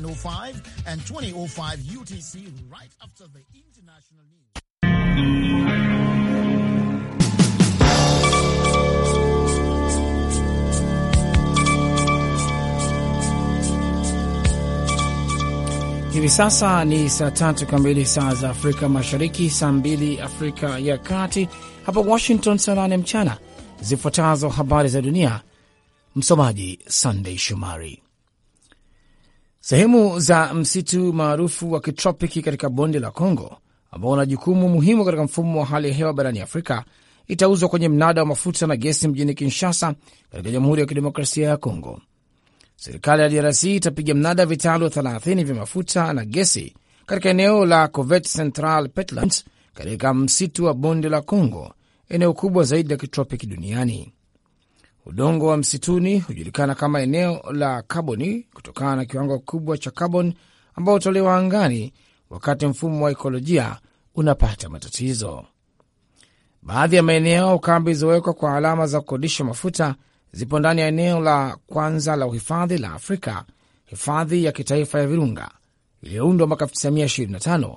905 and 2005 UTC right after the international news. Hivi sasa ni saa tatu kamili saa za Afrika Mashariki, saa mbili Afrika ya Kati, hapa Washington saa nane mchana. Zifuatazo habari za dunia, msomaji Sandei Shomari. Sehemu za msitu maarufu wa kitropiki katika bonde la congo ambao una jukumu muhimu katika mfumo wa hali ya hewa barani Afrika, itauzwa kwenye mnada wa mafuta na gesi mjini Kinshasa katika Jamhuri ya Kidemokrasia ya congo Serikali ya DRC itapiga mnada vitalu 30 vya mafuta na gesi katika eneo la covet Central Petlands katika msitu wa bonde la Congo, eneo kubwa zaidi la kitropiki duniani. Udongo wa msituni hujulikana kama eneo la kaboni kutokana na kiwango kikubwa cha kaboni ambao hutolewa angani wakati mfumo wa ekolojia unapata matatizo. Baadhi ya maeneo au kambi zilizowekwa kwa alama za kukodisha mafuta zipo ndani ya eneo la kwanza la uhifadhi la Afrika, hifadhi ya kitaifa ya Virunga iliyoundwa mwaka 1925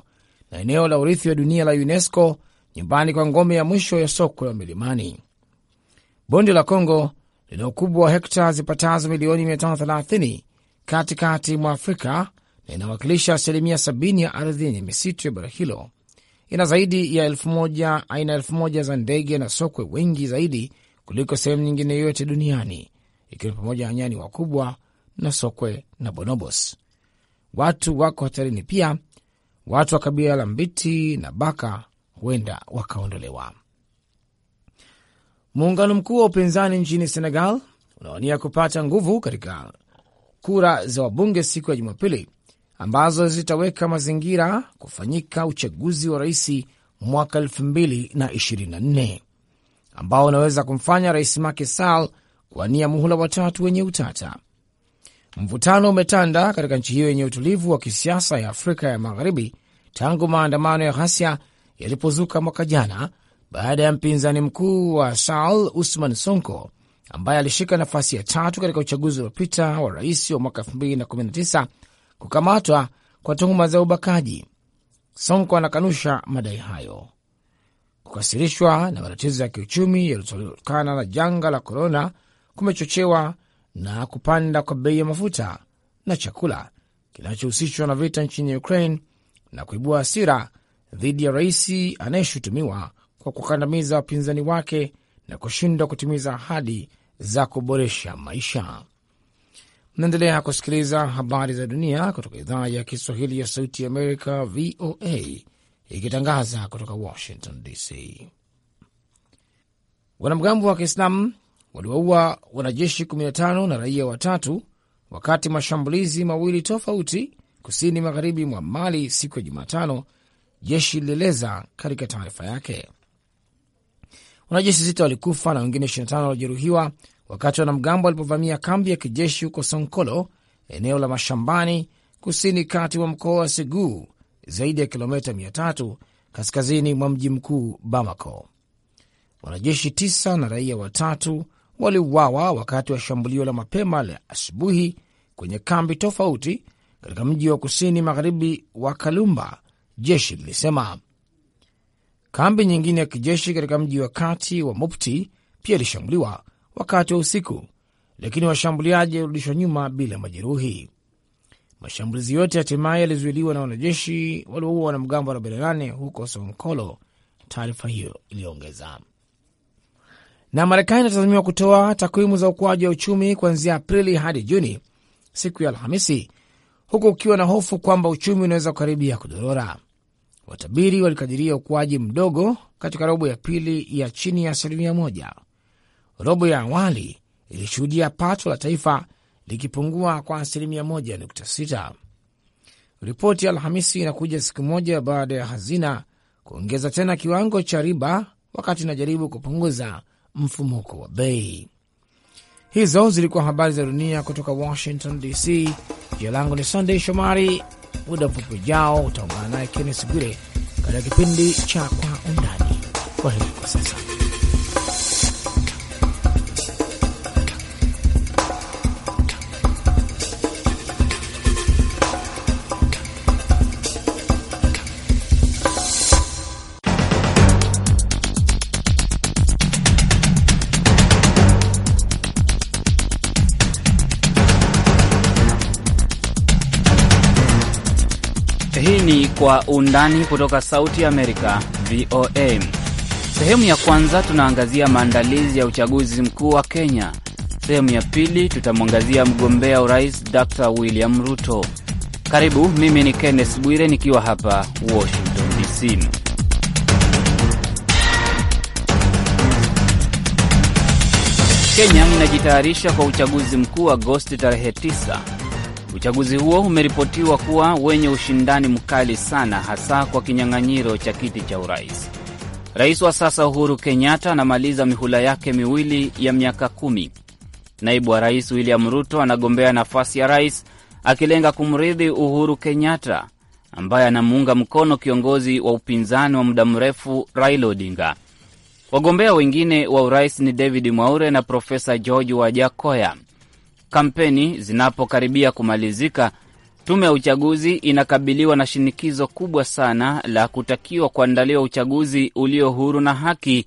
na eneo la urithi wa dunia la UNESCO, nyumbani kwa ngome ya mwisho ya sokwe wa milimani. Bonde la Kongo lina ukubwa wa hekta zipatazo milioni 530 katikati mwa Afrika na inawakilisha asilimia 70 ya ardhi yenye misitu ya bara hilo. Ina zaidi ya elfu moja, aina elfu moja za ndege na sokwe wengi zaidi kuliko sehemu nyingine yoyote duniani, ikiwa ni pamoja na nyani wakubwa na sokwe na bonobos. Watu wako hatarini pia. Watu wa kabila la Mbiti na Baka huenda wakaondolewa. Muungano mkuu wa upinzani nchini Senegal unawania kupata nguvu katika kura za wabunge siku ya Jumapili ambazo zitaweka mazingira kufanyika uchaguzi wa rais mwaka 2024 ambao unaweza kumfanya rais Macky Sall kuwania muhula watatu wenye utata. Mvutano umetanda katika nchi hiyo yenye utulivu wa kisiasa ya Afrika ya Magharibi tangu maandamano ya ghasia yalipozuka mwaka jana baada ya mpinzani mkuu wa Saul Usman Sonko ambaye alishika nafasi ya tatu katika uchaguzi uliopita wa rais wa mwaka 2019 kukamatwa kwa tuhuma za ubakaji. Sonko anakanusha madai hayo. Kukasirishwa na matatizo ya kiuchumi yaliyotokana na janga la korona kumechochewa na kupanda kwa bei ya mafuta na chakula kinachohusishwa na vita nchini Ukraine na kuibua hasira dhidi ya rais anayeshutumiwa kwa kukandamiza wapinzani wake na kushindwa kutimiza ahadi za kuboresha maisha. Mnaendelea kusikiliza habari za dunia kutoka idhaa ya Kiswahili ya Sauti ya Amerika, VOA, ikitangaza kutoka Washington DC. Wanamgambo wa Kiislamu waliwaua wanajeshi 15 na raia watatu wakati mashambulizi mawili tofauti kusini magharibi mwa Mali siku ya Jumatano, jeshi lilieleza katika taarifa yake. Wanajeshi sita walikufa na wengine 25 walijeruhiwa wakati wanamgambo walipovamia kambi ya kijeshi huko Sonkolo, eneo la mashambani kusini kati mwa mkoa wa Seguu, zaidi ya kilomita 300 kaskazini mwa mji mkuu Bamako. Wanajeshi tisa na raia watatu waliuawa wakati wa shambulio la mapema la asubuhi kwenye kambi tofauti katika mji wa kusini magharibi wa Kalumba, jeshi lilisema. Kambi nyingine ya kijeshi katika mji wa kati wa Mopti pia ilishambuliwa wakati wa usiku, lakini washambuliaji walirudishwa nyuma bila majeruhi. Mashambulizi yote hatimaye yalizuiliwa na wanajeshi walioua wanamgambo 48 huko Sonkolo, taarifa hiyo iliyoongeza. Na Marekani inatazamiwa kutoa takwimu za ukuaji wa uchumi kuanzia Aprili hadi Juni siku ya Alhamisi, huku ukiwa na hofu kwamba uchumi unaweza kukaribia kudorora. Watabiri walikadiria ukuaji mdogo katika robo ya pili ya chini ya asilimia moja. Robo ya awali ilishuhudia pato la taifa likipungua kwa asilimia moja nukta sita. Ripoti ya Alhamisi inakuja siku moja baada ya hazina kuongeza tena kiwango cha riba wakati inajaribu kupunguza mfumuko wa bei. Hizo zilikuwa habari za dunia kutoka Washington DC. Jina langu ni Sandey Shomari muda mfupi ujao. Utaungana naye Kennes Bwire katika kipindi cha Kwa Undani. Kwa heri kwa sasa. kwa undani kutoka Sauti Amerika VOA. Sehemu ya kwanza tunaangazia maandalizi ya uchaguzi mkuu wa Kenya. Sehemu ya pili tutamwangazia mgombea urais Dr William Ruto. Karibu, mimi ni Kenneth Bwire nikiwa hapa Washington DC. Kenya inajitayarisha kwa uchaguzi mkuu Agosti tarehe 9. Uchaguzi huo umeripotiwa kuwa wenye ushindani mkali sana, hasa kwa kinyang'anyiro cha kiti cha urais. Rais wa sasa Uhuru Kenyatta anamaliza mihula yake miwili ya miaka kumi. Naibu wa rais William Ruto anagombea nafasi ya rais akilenga kumrithi Uhuru Kenyatta ambaye anamuunga mkono kiongozi wa upinzani wa muda mrefu Raila Odinga. Wagombea wengine wa urais ni David Mwaure na Profesa George Wajakoya kampeni zinapokaribia kumalizika, tume ya uchaguzi inakabiliwa na shinikizo kubwa sana la kutakiwa kuandaliwa uchaguzi ulio huru na haki,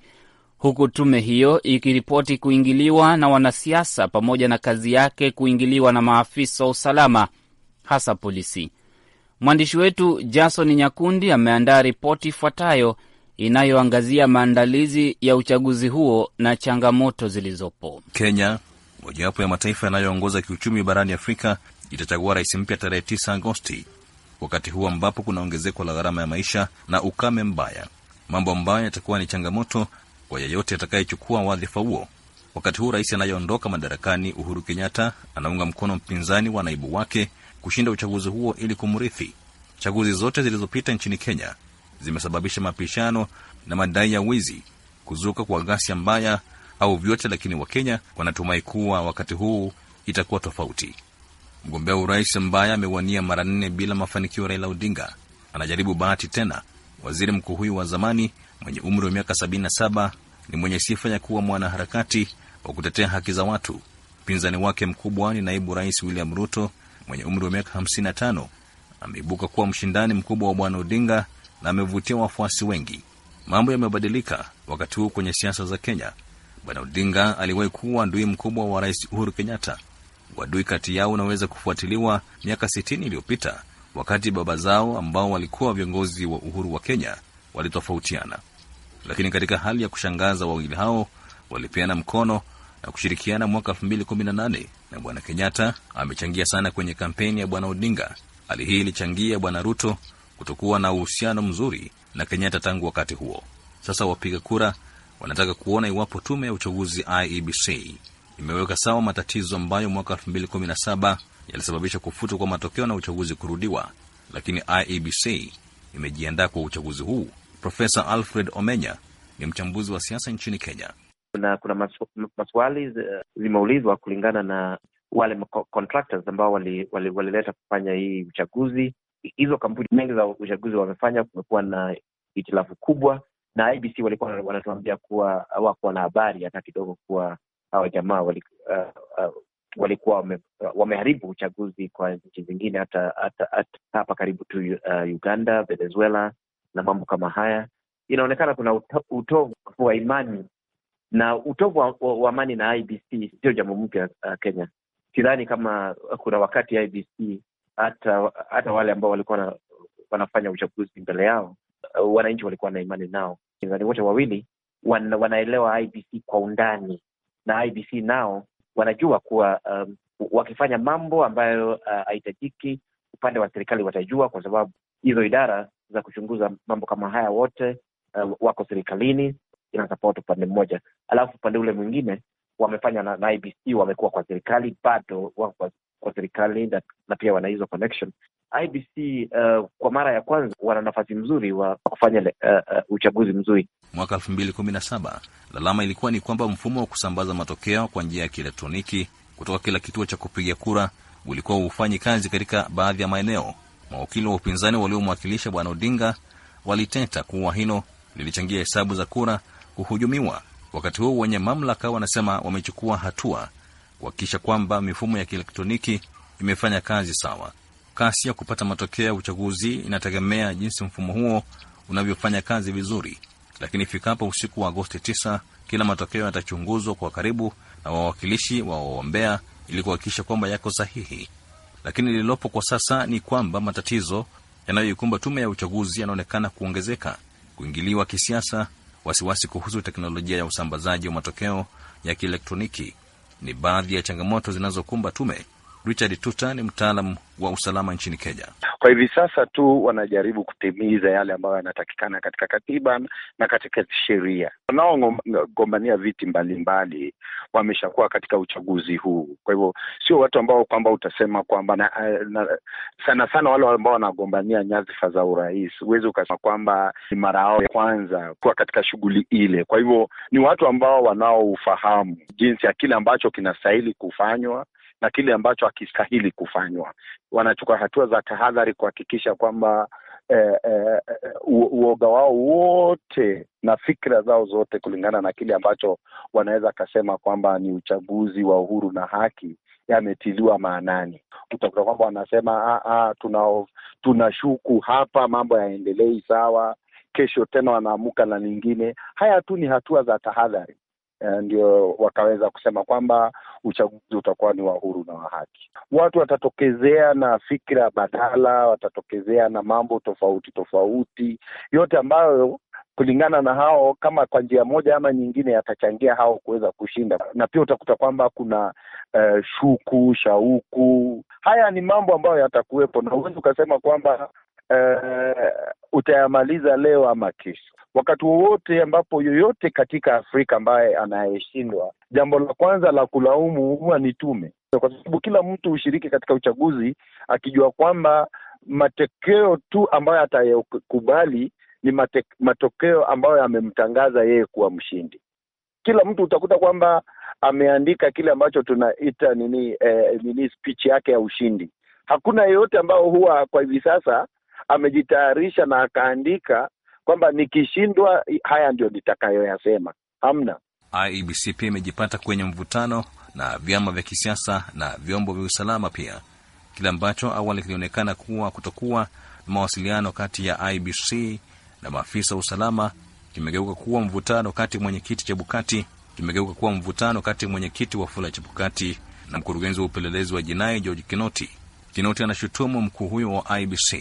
huku tume hiyo ikiripoti kuingiliwa na wanasiasa pamoja na kazi yake kuingiliwa na maafisa wa usalama, hasa polisi. Mwandishi wetu Jason Nyakundi ameandaa ripoti ifuatayo inayoangazia maandalizi ya uchaguzi huo na changamoto zilizopo Kenya mojawapo ya mataifa yanayoongoza kiuchumi barani Afrika itachagua rais mpya tarehe 9 Agosti, wakati huu ambapo kuna ongezeko la gharama ya maisha na ukame mbaya, mambo ambayo yatakuwa ni changamoto kwa yeyote atakayechukua wadhifa huo. Wakati huu rais anayeondoka madarakani Uhuru Kenyatta anaunga mkono mpinzani wa naibu wake kushinda uchaguzi huo ili kumrithi. Chaguzi zote zilizopita nchini Kenya zimesababisha mapishano na madai ya wizi, kuzuka kwa ghasia mbaya au vyote, lakini Wakenya wanatumai kuwa wakati huu itakuwa tofauti. Mgombea urais ambaye amewania mara nne bila mafanikio, Raila Odinga anajaribu bahati tena. Waziri mkuu huyu wa zamani mwenye umri wa miaka 77 ni mwenye sifa ya kuwa mwanaharakati wa kutetea haki za watu. Mpinzani wake mkubwa ni naibu rais William Ruto mwenye umri wa miaka 55 ameibuka kuwa mshindani mkubwa wa bwana Odinga na amevutia wafuasi wengi. Mambo yamebadilika wakati huu kwenye siasa za Kenya. Bwana Odinga aliwahi kuwa ndui mkubwa wa Rais Uhuru Kenyatta. wadui kati yao unaweza kufuatiliwa miaka 60 iliyopita wakati baba zao ambao walikuwa viongozi wa uhuru wa Kenya walitofautiana, lakini katika hali ya kushangaza wawili hao walipeana mkono na kushirikiana mwaka elfu na na Bwana Kenyatta amechangia sana kwenye kampeni ya Bwana Odinga. Hali hii ilichangia Bwana Ruto kutokuwa na uhusiano mzuri na Kenyatta tangu wakati huo. Sasa wapiga kura wanataka kuona iwapo tume ya uchaguzi IEBC imeweka sawa matatizo ambayo mwaka 2017 yalisababisha kufutwa kwa matokeo na uchaguzi kurudiwa, lakini IEBC imejiandaa kwa uchaguzi huu. Profesa Alfred Omenya ni mchambuzi wa siasa nchini Kenya. Kuna, kuna masu, maswali zimeulizwa kulingana na wale contractors ambao walileta wali, wali kufanya hii uchaguzi. Hizo kampuni mengi za uchaguzi wamefanya, kumekuwa na hitilafu kubwa na IBC walikuwa wanatuambia kuwa hawakuwa na habari hata kidogo kuwa hawa jamaa uh, uh, walikuwa, wameharibu uchaguzi kwa nchi zingine hata, hata, hata hapa karibu tu uh, Uganda, Venezuela na mambo kama haya. Inaonekana kuna utovu wa imani na utovu wa, amani na IBC sio jambo mpya uh, Kenya. Sidhani kama kuna wakati IBC hata hata wale ambao walikuwa wanafanya uchaguzi mbele yao uh, wananchi walikuwa na imani nao wapinzani wote wawili wan, wanaelewa IBC kwa undani na IBC nao wanajua kuwa um, wakifanya mambo ambayo hahitajiki uh, upande wa serikali watajua, kwa sababu hizo idara za kuchunguza mambo kama haya wote uh, wako serikalini, inasapoti upande mmoja, alafu upande ule mwingine wamefanya na, na IBC wamekuwa kwa serikali bado wako kwa serikali na, na pia wana hizo connection. IBC uh, kwa mara ya kwanza wana nafasi mzuri wa kufanya uh, uh, uchaguzi mzuri. Mwaka elfu mbili kumi na saba lalama ilikuwa ni kwamba mfumo wa kusambaza matokeo kwa njia ya kielektroniki kutoka kila kituo cha kupiga kura ulikuwa hufanyi kazi katika baadhi ya maeneo. Mawakili wa upinzani waliomwakilisha Bwana Odinga waliteta kuwa hilo lilichangia hesabu za kura kuhujumiwa. Wakati huo wenye mamlaka wanasema wamechukua hatua kuhakikisha kwamba mifumo ya kielektroniki imefanya kazi sawa. Kasi ya kupata matokeo ya uchaguzi inategemea jinsi mfumo huo unavyofanya kazi vizuri, lakini ifikapo usiku wa Agosti 9 kila matokeo yatachunguzwa kwa karibu na wawakilishi wa waombea ili kuhakikisha kwamba yako sahihi. Lakini lililopo kwa sasa ni kwamba matatizo yanayoikumba tume ya uchaguzi yanaonekana kuongezeka: kuingiliwa kisiasa, wasiwasi kuhusu teknolojia ya usambazaji wa matokeo ya kielektroniki, ni baadhi ya changamoto zinazokumba tume. Richard Tuta ni mtaalam wa usalama nchini Kenya. Kwa hivi sasa tu wanajaribu kutimiza yale ambayo yanatakikana katika katiba na katika sheria. Wanaogombania viti mbalimbali wameshakuwa katika uchaguzi huu, kwa hivyo sio watu ambao kwamba utasema kwamba na, eh, na, sana sana wale ambao wanagombania nyadhifa za urais, huwezi ukasema kwamba ni mara yao ya kwanza kuwa katika shughuli ile. Kwa hivyo ni watu ambao wanaoufahamu jinsi ya kile ambacho kinastahili kufanywa na kile ambacho hakistahili kufanywa. Wanachukua hatua za tahadhari kuhakikisha kwamba eh, eh, uoga wao wote na fikra zao zote kulingana na kile ambacho wanaweza wakasema kwamba ni uchaguzi wa uhuru na haki yametiliwa maanani. Utakuta kwamba wanasema ah, ah, tuna shuku hapa, mambo yaendelei sawa, kesho tena wanaamuka na lingine. Haya tu ni hatua za tahadhari, eh, ndio wakaweza kusema kwamba uchaguzi utakuwa ni wa huru na wa haki. Watu watatokezea na fikira badala, watatokezea na mambo tofauti tofauti, yote ambayo kulingana na hao kama kwa njia moja ama nyingine yatachangia hao kuweza kushinda, na pia utakuta kwamba kuna uh, shuku shauku. Haya ni mambo ambayo yatakuwepo, na huwezi ukasema kwamba uh, utayamaliza leo ama kesho wakati wowote ambapo yoyote katika Afrika ambaye anayeshindwa, jambo la kwanza la kulaumu huwa ni tume, kwa sababu kila mtu hushiriki katika uchaguzi akijua kwamba matokeo tu ambayo atayokubali ni mate, matokeo ambayo yamemtangaza yeye kuwa mshindi. Kila mtu utakuta kwamba ameandika kile ambacho tunaita nini, eh, nini speech yake ya ushindi. Hakuna yeyote ambayo huwa kwa hivi sasa amejitayarisha na akaandika kwamba nikishindwa haya ndio nitakayoyasema. Hamna. IEBC pia imejipata kwenye mvutano na vyama vya kisiasa na vyombo vya usalama pia, kile ambacho awali kilionekana kuwa kutokuwa na mawasiliano kati ya IEBC na maafisa wa usalama kimegeuka kuwa mvutano kati mwenyekiti Chebukati kimegeuka kuwa mvutano kati mwenyekiti fula Chebukati na mkurugenzi wa upelelezi wa jinai George Kinoti. Kinoti anashutumu mkuu huyo wa IBC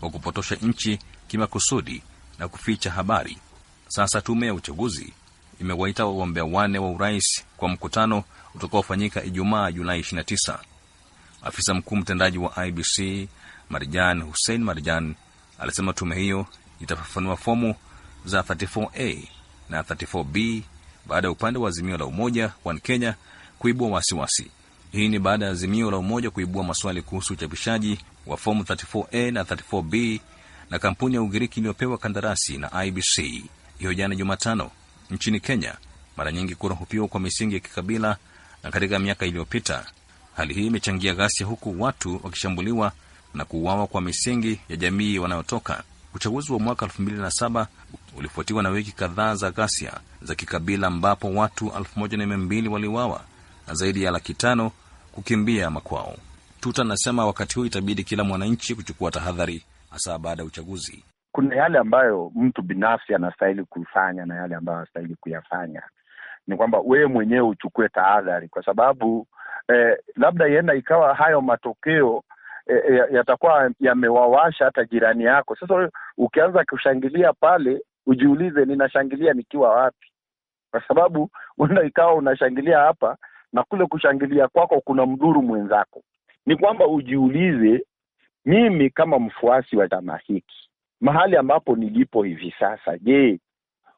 kwa kupotosha nchi kimakusudi na kuficha habari. Sasa tume ya uchaguzi imewaita wagombea wane wa urais kwa mkutano utakaofanyika Ijumaa, Julai 29. Afisa mkuu mtendaji wa IBC Marjan Hussein Marjan alisema tume hiyo itafafanua fomu za 34A na 34B baada ya upande wa Azimio la Umoja wa Kenya kuibua wasiwasi wasi. Hii ni baada ya Azimio la Umoja kuibua maswali kuhusu uchapishaji wa fomu 34A na 34B na kampuni ya Ugiriki iliyopewa kandarasi na IBC hiyo jana Jumatano. Nchini Kenya, mara nyingi kura hupigwa kwa misingi ya kikabila, na katika miaka iliyopita hali hii imechangia ghasia, huku watu wakishambuliwa na kuuawa kwa misingi ya jamii wanayotoka. Uchaguzi wa mwaka 2007 ulifuatiwa na wiki kadhaa za ghasia za kikabila ambapo watu 1200 waliuawa na zaidi ya laki tano kukimbia makwao. Tuta anasema wakati huu itabidi kila mwananchi kuchukua tahadhari hasa baada ya uchaguzi. Kuna yale ambayo mtu binafsi anastahili kufanya na yale ambayo anastahili kuyafanya. Ni kwamba wewe mwenyewe uchukue tahadhari, kwa sababu eh, labda ienda ikawa hayo matokeo eh, eh yatakuwa yamewawasha hata jirani yako. Sasa ukianza kushangilia pale, ujiulize, ninashangilia nikiwa wapi? Kwa sababu uenda ikawa unashangilia hapa na kule kushangilia kwako kuna mdhuru mwenzako. Ni kwamba ujiulize mimi kama mfuasi wa chama hiki mahali ambapo nilipo hivi sasa, je,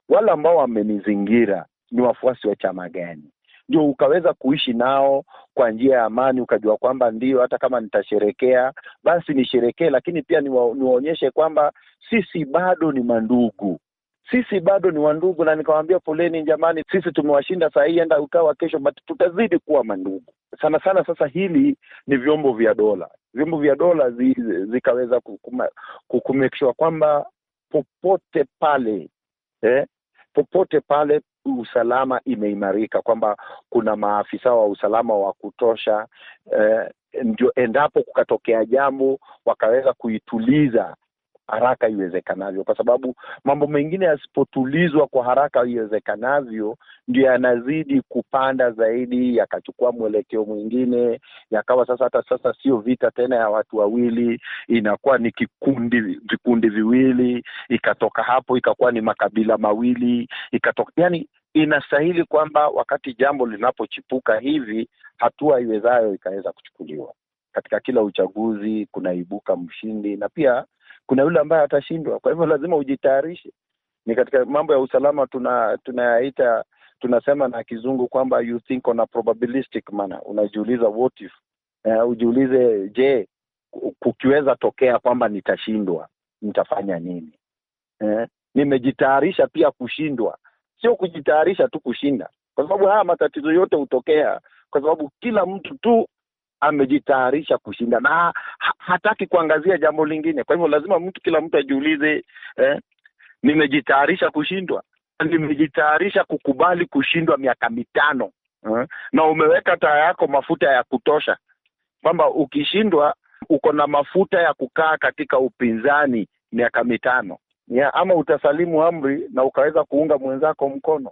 wale ambao wamenizingira ni wafuasi wa chama gani? Ndio ukaweza kuishi nao kwa njia ya amani, ukajua kwamba ndio, hata kama nitasherekea basi nisherekee, lakini pia niwaonyeshe kwamba sisi bado ni mandugu, sisi bado ni wandugu, na nikawaambia poleni jamani, sisi tumewashinda saa hii, enda ukawa kesho, but tutazidi kuwa mandugu. Sana sana sasa hili ni vyombo vya dola, vyombo vya dola zi, zikaweza kukumake kwamba popote pale eh, popote pale usalama imeimarika, kwamba kuna maafisa wa usalama wa kutosha eh, ndio endapo kukatokea jambo wakaweza kuituliza haraka iwezekanavyo, kwa sababu mambo mengine yasipotulizwa kwa haraka iwezekanavyo ndio yanazidi kupanda zaidi, yakachukua mwelekeo mwingine, yakawa sasa, hata sasa sio vita tena ya watu wawili, inakuwa ni kikundi, vikundi viwili, ikatoka hapo ikakuwa ni makabila mawili, ikatoka yani inastahili kwamba wakati jambo linapochipuka hivi, hatua iwezayo ikaweza kuchukuliwa. Katika kila uchaguzi kunaibuka mshindi na pia kuna yule ambaye atashindwa. Kwa hivyo lazima ujitayarishe. Ni katika mambo ya usalama tuna tunayaita tunasema na kizungu kwamba you think on a probabilistic manner, unajiuliza what if. Uh, ujiulize je, kukiweza tokea kwamba nitashindwa nitafanya nini? Uh, nimejitayarisha pia kushindwa, sio kujitayarisha tu kushinda, kwa sababu haya matatizo yote hutokea kwa sababu kila mtu tu amejitayarisha kushinda, na hataki kuangazia jambo lingine. Kwa hivyo lazima mtu kila mtu ajiulize eh, nimejitayarisha kushindwa, nimejitayarisha kukubali kushindwa miaka mitano eh, na umeweka taa yako mafuta ya kutosha kwamba ukishindwa uko na mafuta ya kukaa katika upinzani miaka mitano ya, ama utasalimu amri na ukaweza kuunga mwenzako mkono.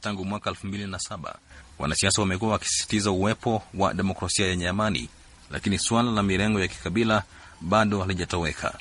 Tangu mwaka elfu mbili na saba wanasiasa wamekuwa wakisisitiza uwepo wa demokrasia yenye amani lakini suala la mirengo ya kikabila bado halijatoweka.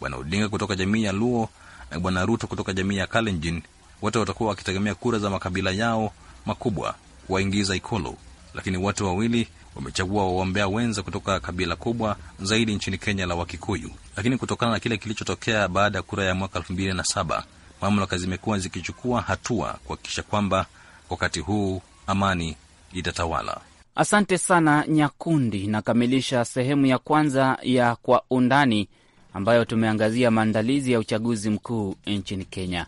Bwana Odinga kutoka jamii ya Luo na Bwana Ruto kutoka jamii ya Kalenjin wote watakuwa wakitegemea kura za makabila yao makubwa kuwaingiza Ikulu, lakini wote wawili wamechagua waombea wenza kutoka kabila kubwa zaidi nchini Kenya la Wakikuyu. Lakini kutokana na kile kilichotokea baada ya kura ya mwaka elfu mbili na saba, mamlaka zimekuwa zikichukua hatua kuhakikisha kwamba wakati huu amani itatawala. Asante sana Nyakundi. Nakamilisha sehemu ya kwanza ya Kwa Undani ambayo tumeangazia maandalizi ya uchaguzi mkuu nchini Kenya.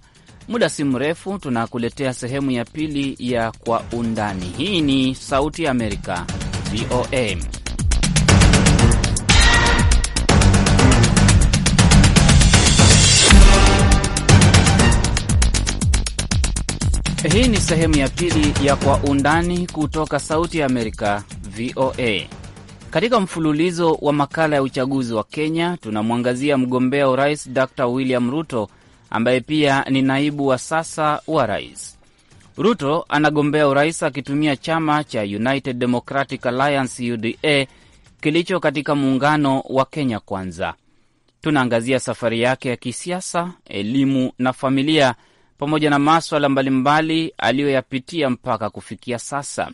Muda si mrefu tunakuletea sehemu ya pili ya Kwa Undani. Hii ni Sauti ya Amerika, VOA. Hii ni sehemu ya pili ya Kwa Undani kutoka Sauti ya Amerika, VOA. Katika mfululizo wa makala ya uchaguzi wa Kenya, tunamwangazia mgombea urais Dr William Ruto ambaye pia ni naibu wa sasa wa rais. Ruto anagombea urais akitumia chama cha United Democratic Alliance, UDA, kilicho katika muungano wa Kenya Kwanza. Tunaangazia safari yake ya kisiasa, elimu na familia pamoja na maswala mbalimbali aliyoyapitia mpaka kufikia sasa.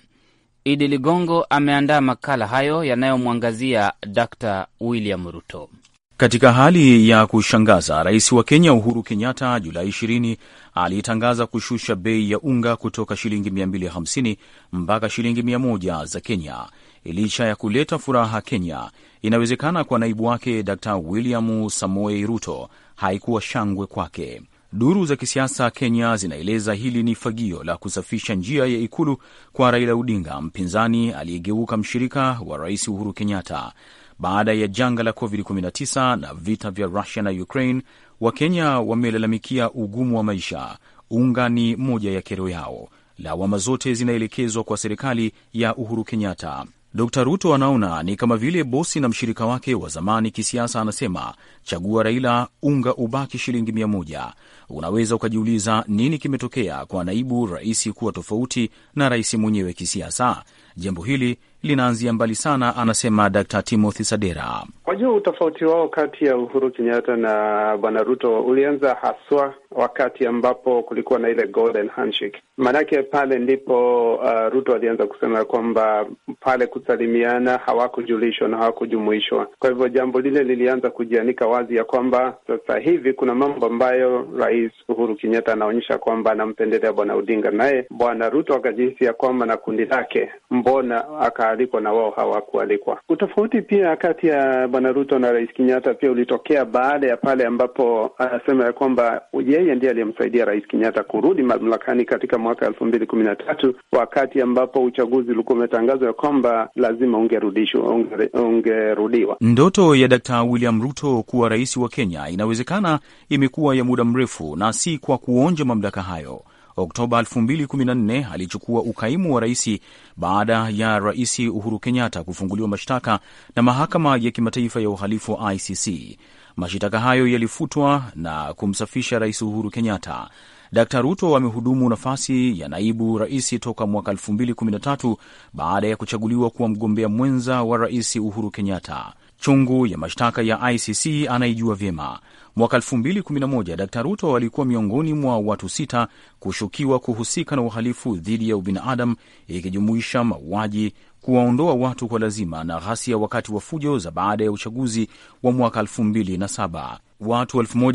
Idi Ligongo ameandaa makala hayo yanayomwangazia Dr William Ruto. Katika hali ya kushangaza, rais wa Kenya Uhuru Kenyatta Julai 20 alitangaza kushusha bei ya unga kutoka shilingi 250 mpaka shilingi 100 za Kenya. Licha ya kuleta furaha Kenya, inawezekana kwa naibu wake Dr William Samoei Ruto haikuwa shangwe kwake. Duru za kisiasa Kenya zinaeleza hili ni fagio la kusafisha njia ya ikulu kwa Raila Odinga, mpinzani aliyegeuka mshirika wa Rais Uhuru Kenyatta. Baada ya janga la COVID-19 na vita vya Rusia na Ukraine, Wakenya wamelalamikia ugumu wa maisha. Unga ni moja ya kero yao. Lawama zote zinaelekezwa kwa serikali ya Uhuru Kenyatta. Dr Ruto anaona ni kama vile bosi na mshirika wake wa zamani kisiasa. Anasema chagua Raila, unga ubaki shilingi mia moja. Unaweza ukajiuliza nini kimetokea kwa naibu rais kuwa tofauti na rais mwenyewe kisiasa? Jambo hili linaanzia mbali sana, anasema d Timothy Sadera. Kwa juu utofauti wao kati ya Uhuru Kenyatta na bwana Ruto ulianza haswa wakati ambapo kulikuwa na ile golden handshake. Maanake pale ndipo uh, Ruto alianza kusema kwamba pale kusalimiana hawakujulishwa na hawakujumuishwa. Kwa hivyo jambo lile lilianza kujianika wazi ya kwamba sasa hivi kuna mambo ambayo Rais Uhuru Kenyatta anaonyesha kwamba anampendelea bwana Odinga, naye bwana Ruto akajihisi ya kwamba na kundi lake mbona akaalikwa na wao hawakualikwa? Utofauti pia kati ya bwana Ruto na rais Kenyatta pia ulitokea baada ya pale ambapo anasema ya kwamba yeye ndiye aliyemsaidia rais Kenyatta kurudi mamlakani katika mwaka elfu mbili kumi na tatu wakati ambapo uchaguzi ulikuwa umetangazwa ya kwamba lazima ungerudishwa, ungerudiwa. Ndoto ya Dkt. William Ruto kuwa rais wa Kenya inawezekana imekuwa ya muda mrefu na si kwa kuonja mamlaka hayo. Oktoba 2014 alichukua ukaimu wa rais baada ya Rais Uhuru Kenyatta kufunguliwa mashtaka na mahakama ya kimataifa ya uhalifu wa ICC. Mashitaka hayo yalifutwa na kumsafisha Rais Uhuru Kenyatta. Dkt Ruto amehudumu nafasi ya naibu rais toka mwaka 2013 baada ya kuchaguliwa kuwa mgombea mwenza wa Rais Uhuru Kenyatta. Chungu ya mashtaka ya ICC anaijua vyema. Mwaka 2011 Dr Ruto alikuwa miongoni mwa watu sita kushukiwa kuhusika na uhalifu dhidi ya ubinadamu ikijumuisha mauaji, kuwaondoa watu kwa lazima na ghasia wakati wa fujo za baada ya uchaguzi wa mwaka 2007 watu elfu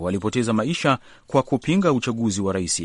walipoteza maisha kwa kupinga uchaguzi wa rais.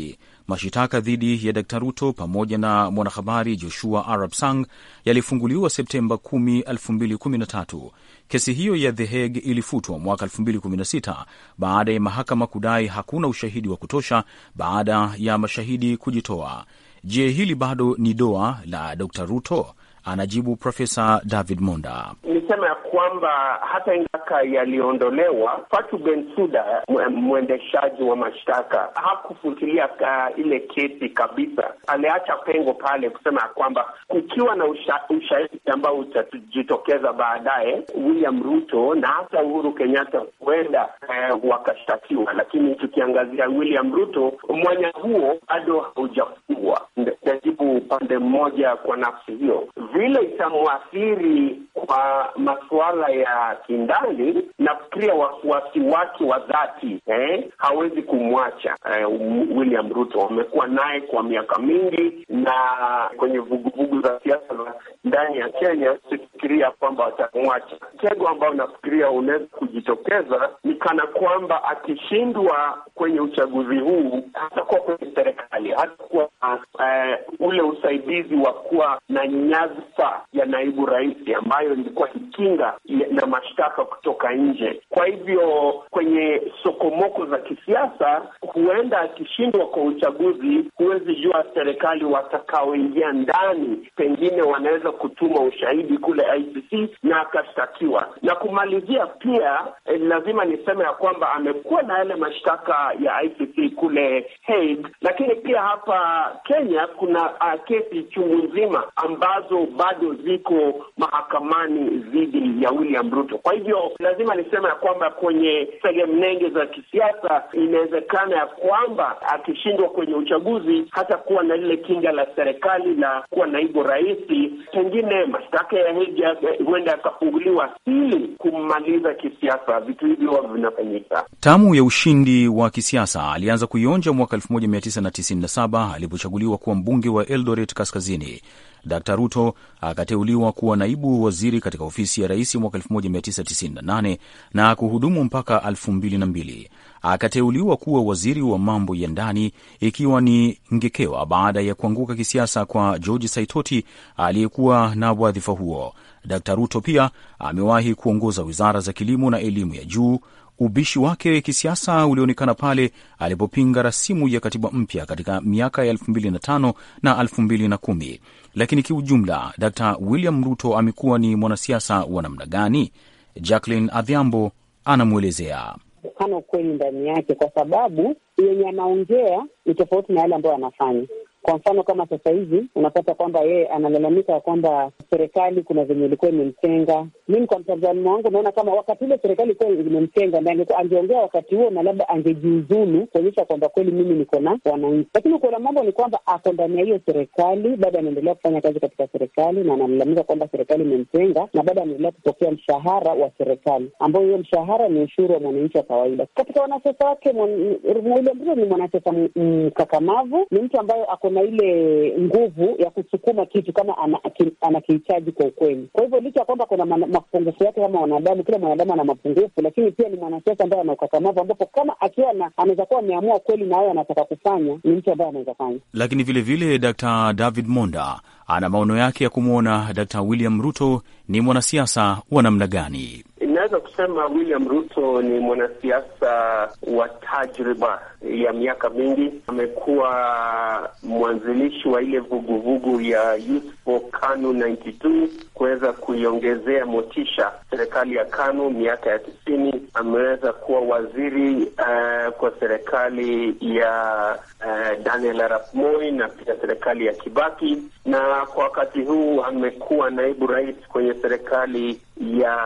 Mashitaka dhidi ya d Ruto pamoja na mwanahabari Joshua Arab Sang yalifunguliwa Septemba 10, 2013. Kesi hiyo ya The Hague ilifutwa mwaka 2016 baada ya mahakama kudai hakuna ushahidi wa kutosha baada ya mashahidi kujitoa. Je, hili bado ni doa la d Ruto? Anajibu Profesa David Munda. Nisema ya kwamba hata ingaka yaliondolewa, Fatu Bensuda, mwendeshaji wa mashtaka, hakufutilia uh, ile kesi kabisa. Aliacha pengo pale kusema ya kwamba kukiwa na ushahidi ambao utajitokeza baadaye, William Ruto na hata Uhuru Kenyatta huenda eh, wakashtakiwa, lakini tukiangazia William Ruto, mwanya huo bado haujafungwa. Najibu upande mmoja kwa nafsi hiyo vile itamwathiri kwa masuala ya kindani, nafikiria wafuasi wake wa dhati eh, hawezi kumwacha eh, William Ruto. Wamekuwa naye kwa miaka mingi, na kwenye vuguvugu za siasa za ndani ya Kenya sifikiria kwamba watamwacha. Mtego ambao nafikiria unaweza kujitokeza ni kana kwamba akishindwa kwenye uchaguzi huu hatakuwa kwenye serikali serikali, hata na uh, ule usaidizi wa kuwa na nyadhifa ya naibu rais ambayo ilikuwa ikinga na mashtaka kutoka nje. Kwa hivyo kwenye sokomoko za kisiasa, huenda akishindwa kwa uchaguzi, huwezi jua serikali watakaoingia ndani, pengine wanaweza kutuma ushahidi kule ICC na akashtakiwa. Na kumalizia pia, eh, lazima niseme ya kwamba amekuwa na yale mashtaka ya ICC kule Hague, lakini pia hapa Kenya kuna uh, kesi chungu nzima ambazo bado ziko mahakamani dhidi ya William Ruto. Kwa hivyo lazima niseme ya kwamba kwenye nenge za kisiasa, inawezekana ya kwamba akishindwa kwenye uchaguzi hata kuwa na lile kinga la serikali la kuwa naibu rais, pengine mashtaka ya hija eh, huenda yakafunguliwa ili kummaliza kisiasa. Vitu hivyo vinafanyika. Tamu ya ushindi wa kisiasa alianza kuionja mwaka tisini 1997 alipochaguliwa kuwa mbunge wa Eldoret Kaskazini. Dr Ruto akateuliwa kuwa naibu waziri katika ofisi ya rais mwaka 1998 na kuhudumu mpaka 2002. Akateuliwa kuwa waziri wa mambo ya ndani, ikiwa ni ngekewa baada ya kuanguka kisiasa kwa George Saitoti aliyekuwa na wadhifa huo. Dr Ruto pia amewahi kuongoza wizara za kilimo na elimu ya juu Ubishi wake kisiasa ulionekana pale alipopinga rasimu ya katiba mpya katika miaka ya 2005 na 2010. Lakini kiujumla, Dr William Ruto amekuwa ni mwanasiasa wa namna gani? Jacqueline Adhiambo anamwelezea kana ukweli ndani yake, kwa sababu yenye anaongea ni tofauti na yale ambayo anafanya. Kwa mfano kama sasa hivi unapata kwamba yeye analalamika kwamba serikali kuna venye ilikuwa imemtenga. Mimi kwa mtazamo wangu naona kama wakati ule serikali ilikuwa imemtenga, na angeongea wakati huo, na labda angejiuzulu kuonyesha kwamba kweli mimi niko na wananchi. Lakini kuna mambo ni kwamba ako ndani ya hiyo serikali, bado anaendelea kufanya kazi katika serikali na analalamika kwamba serikali imemtenga, na bado anaendelea kupokea mshahara wa serikali, ambayo hiyo mshahara ni ushuru wa mwananchi wa kawaida. Katika wanasiasa wake, William Ruto ni mwanasiasa mkakamavu, ni mtu ambayo ako na ile nguvu ya kusukuma kitu kama anakihitaji kwa ukweli. Kwa hivyo licha ya kwamba kuna mapungufu yake kama wanadamu, kila mwanadamu ana mapungufu, lakini pia ni mwanasiasa ambaye ana ukakamavu, ambapo kama akiwa anaweza kuwa ameamua kweli na ayo anataka kufanya, ni mtu ambaye anaweza fanya. Lakini vilevile d David Monda ana maono yake ya kumwona d William Ruto ni mwanasiasa wa namna gani. Naweza kusema William Ruto ni mwanasiasa wa tajriba ya miaka mingi. Amekuwa mwanzilishi wa ile vuguvugu ya Youth for KANU 92 kuweza kuiongezea motisha serikali ya KANU miaka ya tisini. Ameweza kuwa waziri uh, kwa serikali ya uh, Daniel Arap Moi na pia serikali ya Kibaki, na kwa wakati huu amekuwa naibu rais kwenye serikali ya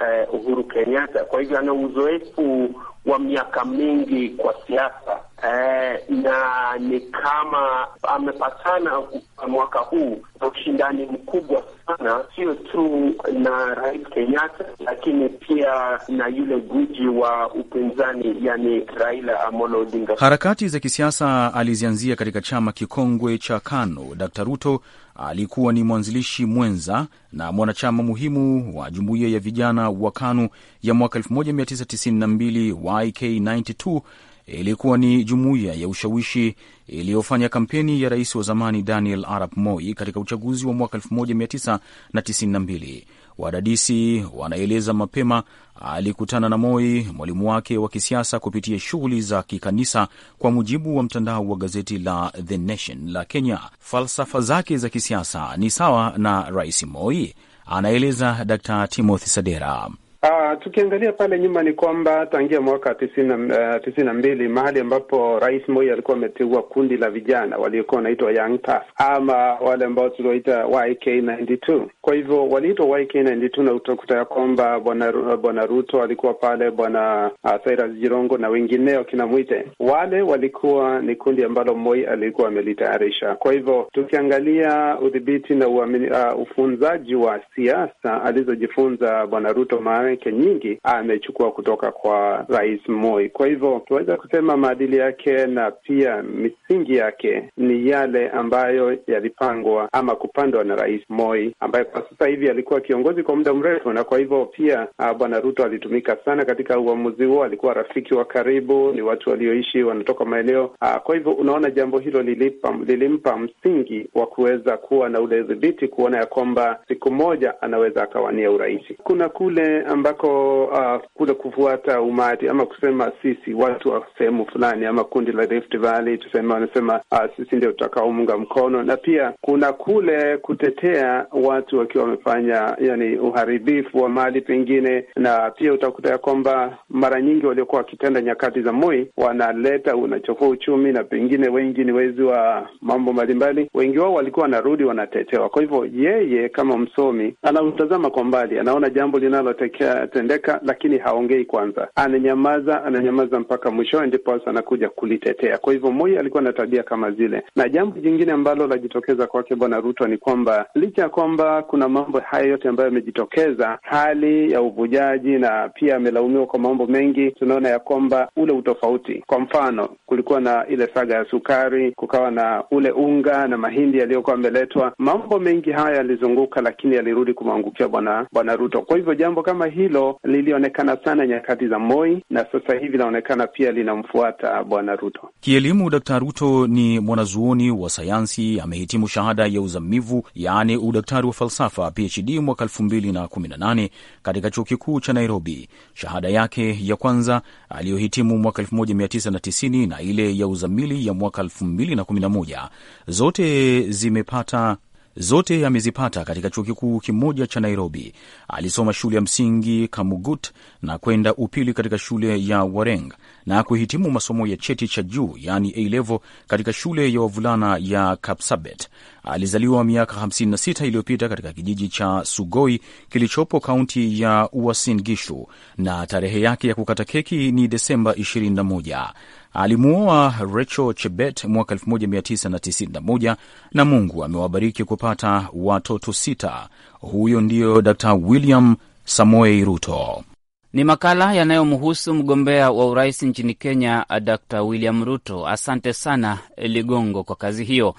eh, Uhuru Kenyatta. Kwa hivyo ana uzoefu wa miaka mingi kwa siasa eh, na ni kama amepatana mwaka huu na ushindani mkubwa sana, sio tu na Rais Kenyatta, lakini pia na yule guji wa upinzani, yani Raila Amolo Odinga. Harakati za kisiasa alizianzia katika chama kikongwe cha KANU. d Ruto alikuwa ni mwanzilishi mwenza na mwanachama muhimu wa jumuiya ya vijana wa KANU ya mwaka 1992 YK92 ilikuwa ni jumuiya ya ushawishi iliyofanya kampeni ya rais wa zamani Daniel Arap Moi katika uchaguzi wa mwaka 1992. Wadadisi wanaeleza mapema alikutana na Moi, mwalimu wake wa kisiasa, kupitia shughuli za kikanisa, kwa mujibu wa mtandao wa gazeti la The Nation la Kenya. Falsafa zake za kisiasa ni sawa na Rais Moi, anaeleza Dr Timothy Sadera. Uh, tukiangalia pale nyuma ni kwamba tangia mwaka tisini uh, mbili mahali ambapo Rais Moi alikuwa ameteua kundi la vijana waliokuwa wanaitwa Young Turf ama wale ambao tuliwaita YK92. Kwa hivyo waliitwa YK92 na utakuta ya kwamba bwana eh, bwana Ruto alikuwa pale, bwana uh, Cyrus Jirongo na wengineo kina Mwite, wale walikuwa ni kundi ambalo Moi alikuwa amelitayarisha. Kwa hivyo tukiangalia udhibiti na uamini, uh, ufunzaji wa siasa alizojifunza bwana Ruto maana yake nyingi amechukua kutoka kwa Rais Moi. Kwa hivyo tunaweza kusema maadili yake na pia misingi yake ni yale ambayo yalipangwa ama kupandwa na Rais Moi ambaye kwa sasa hivi alikuwa kiongozi kwa muda mrefu, na kwa hivyo pia uh, Bwana Ruto alitumika sana katika uamuzi huo. Alikuwa rafiki wa karibu, ni watu walioishi wanatoka maeneo. Uh, kwa hivyo unaona, jambo hilo lilipa, lilimpa msingi wa kuweza kuwa na ule dhibiti kuona ya kwamba siku moja anaweza akawania urais. Kuna kule ambako uh, kule kufuata umati ama kusema sisi watu wa sehemu fulani ama kundi la Rift Valley tuseme, wanasema uh, sisi ndio tutakaomunga mkono, na pia kuna kule kutetea watu wakiwa wamefanya yani uharibifu wa mali pengine, na pia utakuta ya kwamba mara nyingi waliokuwa wakitenda nyakati za Moi wanaleta unachokua uchumi, na pengine wengi ni wezi wa mambo mbalimbali, wengi wao walikuwa wanarudi wanatetewa. Kwa hivyo yeye kama msomi anautazama kwa mbali, anaona jambo linalotokea kilichotendeka, lakini haongei kwanza, ananyamaza, ananyamaza mpaka mwisho, ndipo sasa anakuja kulitetea. Kwa hivyo Moi alikuwa na tabia kama zile, na jambo jingine ambalo lajitokeza kwake Bwana Ruto ni kwamba licha ya kwamba kuna mambo haya yote ambayo yamejitokeza, hali ya uvujaji, na pia amelaumiwa kwa mambo mengi, tunaona ya kwamba ule utofauti, kwa mfano, kulikuwa na ile saga ya sukari, kukawa na ule unga na mahindi yaliyokuwa ameletwa, mambo mengi haya yalizunguka, lakini yalirudi kumwangukia bwana bwana Ruto. Kwa hivyo jambo kama hilo lilionekana sana nyakati za Moi na sasa hivi linaonekana pia linamfuata Bwana Ruto. Kielimu, Dkt. Ruto ni mwanazuoni wa sayansi, amehitimu shahada ya uzamivu yaani udaktari wa falsafa PhD mwaka elfu mbili na kumi na nane katika chuo kikuu cha Nairobi. Shahada yake ya kwanza aliyohitimu mwaka elfu moja mia tisa na tisini na ile ya uzamili ya mwaka elfu mbili na kumi na moja zote zimepata zote amezipata katika chuo kikuu kimoja cha Nairobi. Alisoma shule ya msingi Kamugut na kwenda upili katika shule ya Wareng na kuhitimu masomo ya cheti cha juu yaani A level katika shule ya wavulana ya Kapsabet. Alizaliwa miaka 56 iliyopita katika kijiji cha Sugoi kilichopo kaunti ya Uasin Gishu, na tarehe yake ya kukata keki ni Desemba 21. Alimuoa Rachel Chebet mwaka 1991 na, na Mungu amewabariki kupata watoto sita. Huyo ndiyo Dr. William Samoei Ruto. Ni makala yanayomhusu mgombea wa urais nchini Kenya, Dr. William Ruto. Asante sana Ligongo kwa kazi hiyo.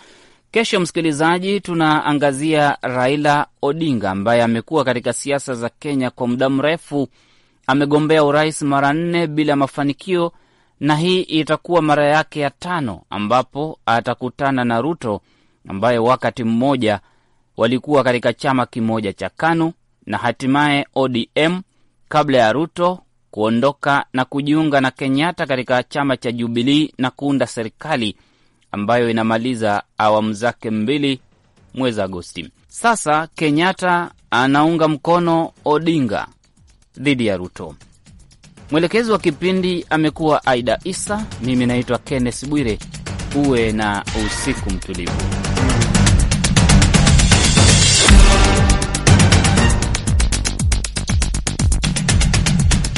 Kesho msikilizaji, tunaangazia Raila Odinga ambaye amekuwa katika siasa za Kenya kwa muda mrefu. Amegombea urais mara nne bila mafanikio na hii itakuwa mara yake ya tano ambapo atakutana na Ruto ambaye wakati mmoja walikuwa katika chama kimoja cha KANU na hatimaye ODM kabla ya Ruto kuondoka na kujiunga na Kenyatta katika chama cha Jubilii na kuunda serikali ambayo inamaliza awamu zake mbili mwezi Agosti. Sasa Kenyatta anaunga mkono Odinga dhidi ya Ruto. Mwelekezi wa kipindi amekuwa Aida Isa, mimi naitwa Kenneth Bwire. Uwe na usiku mtulivu.